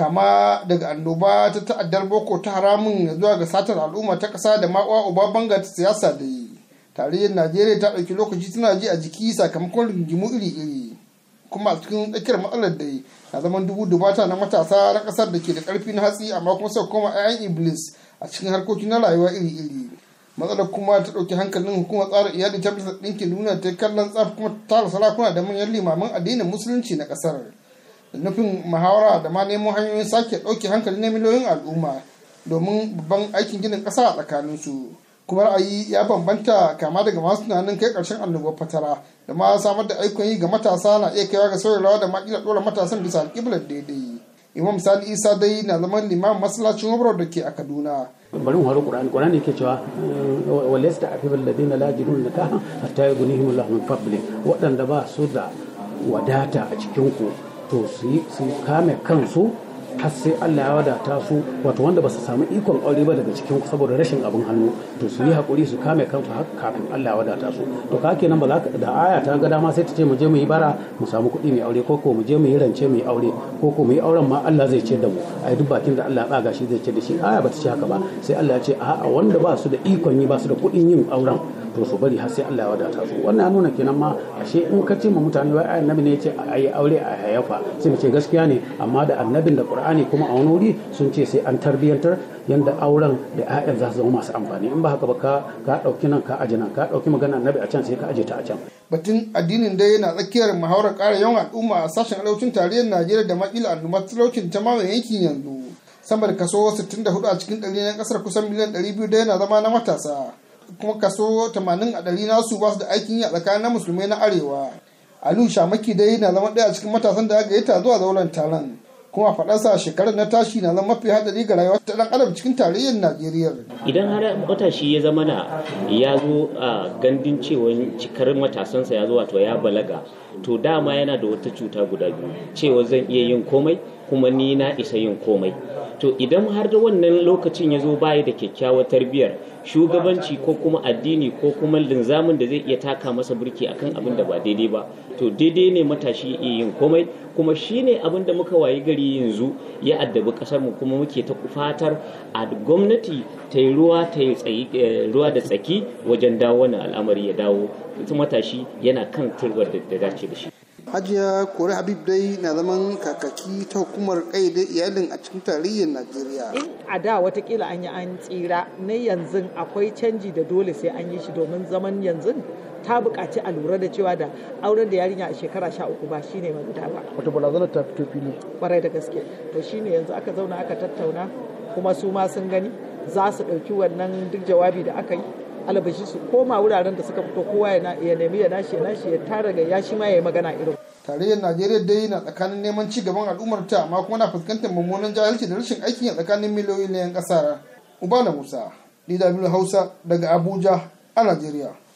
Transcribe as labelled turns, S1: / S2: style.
S1: kama daga annoba ta ta'addar boko ta haramun zuwa ga satar al'umma ta ƙasa da ma'uwa uba banga ta siyasa da yi tarihin najeriya ta ɗauki lokaci tana ji a jiki sakamakon rigimu iri-iri kuma a cikin tsakiyar matsalar da yi na zaman dubu dubata na matasa na ƙasar da ke da ƙarfi na hatsi amma kuma sau koma 'ya'yan iblis a cikin harkokin na rayuwa iri-iri matsalar kuma ta ɗauki hankalin hukumar tsarin iyali ta bisa ɗinkin nuna ta kallon tsaf kuma tara sarakuna da manyan limamin addinin musulunci na ƙasar nufin muhawara da ma nemo hanyoyin sake ɗauke hankali na miliyoyin al'umma domin babban aikin ginin ƙasa a tsakaninsu kuma ra'ayi ya bambanta kama daga masu tunanin kai ƙarshen annobar fatara da ma samar da aikon yi ga matasa na iya kaiwa ga sauran rawa da ma ƙila ɗora matasan bisa alƙiblar daidai imam sani isa dai na zama limamin masallacin wabarar da ke a kaduna
S2: bari mu haro qur'ani qur'ani yake cewa walasta afil ladina la yajidun nikaha hatta yughnihim min fadli wadanda ba su da wadata a cikin ku to su yi su kame kansu har sai Allah ya wadata su wato wanda ba su samu ikon aure ba daga cikin saboda rashin abin hannu to su yi hakuri su kame kansu har kafin Allah ya wadata su to ka kenan ba za ka da aya ta ga dama sai ta ce mu je mu yi bara mu samu kuɗi mai aure ko ko mu je mu yi rance mu aure ko ko mu yi auren ma Allah zai ce da mu ai duk bakin da Allah ya tsaga shi zai ce da shi aya ba ta ce haka ba sai Allah ya ce a'a wanda ba su da ikon yi ba su da kuɗin yin auren to su bari har sai Allah ya wadata su wannan ya nuna kenan ma ashe in ka ce ma mutane wai annabi ne ya ce a yi aure a hayafa sai ce gaskiya ne amma da annabin da qur'ani kuma a wani wuri sun ce sai an tarbiyantar yanda auren da ƴaƴan za su zama masu amfani in ba haka ba ka ka dauki nan ka aje nan ka dauki magana annabi a can sai ka aje ta a can batun
S1: addinin dai yana tsakiyar muhawarar ƙara yawan al'umma a sashen alaucin tarihin Najeriya da makila al'ummar talaucin ta mamaye yankin yanzu sama da kaso 64 a cikin ɗari na ƙasar kusan miliyan 200 da yana zama na matasa kuma kaso 80 a ɗari nasu ba su da aikin yi a tsakanin musulmai na arewa alu shamaki dai na zama ɗaya cikin matasan da aka yi ta zuwa zauren taron kuma faɗarsa shekarar na tashi na zama mafi haɗari ga rayuwa ta ɗan adam cikin tarayyar najeriya
S3: idan har matashi ya zama na ya zo a gandun cewa cikar matasansa ya zo wato ya balaga to dama yana da wata cuta guda biyu cewa zan iya yin komai kuma ni na isa yin komai to idan har da wannan lokacin ya zo baya da kyakkyawar tarbiyyar shugabanci ko kuma addini ko kuma linzamin da zai iya taka masa burki akan abin da ba daidai ba to daidai ne matashi iya yin komai kuma shine abin da muka wayi gari yanzu ya addabi kasar mu kuma muke ta fatar a gwamnati ta yi eh, ruwa da tsaki wajen dawo wannan al'amari ya dawo matashi yana kan turbar da dace da shi
S1: hajiya kore habib dai na zaman kakaki ta hukumar kaida iyalin a cikin tarihin najeriya in
S4: a da watakila an yi an tsira na yanzu akwai canji da dole sai an yi shi domin zaman yanzu ta buƙaci a lura da cewa da auren da yarinya a shekara sha uku ba shi ne ba Wata
S1: balazana ta fito fili
S4: kwarai da gaske to shine yanzu aka zauna aka tattauna kuma su ma sun gani za su ɗauki wannan duk jawabi da aka yi albashi su koma wuraren da suka fito kowa ya nemi ya nashi ya nashi ya tara
S1: ga yashi ma ya yi magana irin. tarayyar najeriya dai na tsakanin neman ci gaban al'ummar ta amma kuma na fuskantar mummunan jahilci da rashin aikin a tsakanin miliyoyin na 'yan uba na musa dw hausa daga abuja a najeriya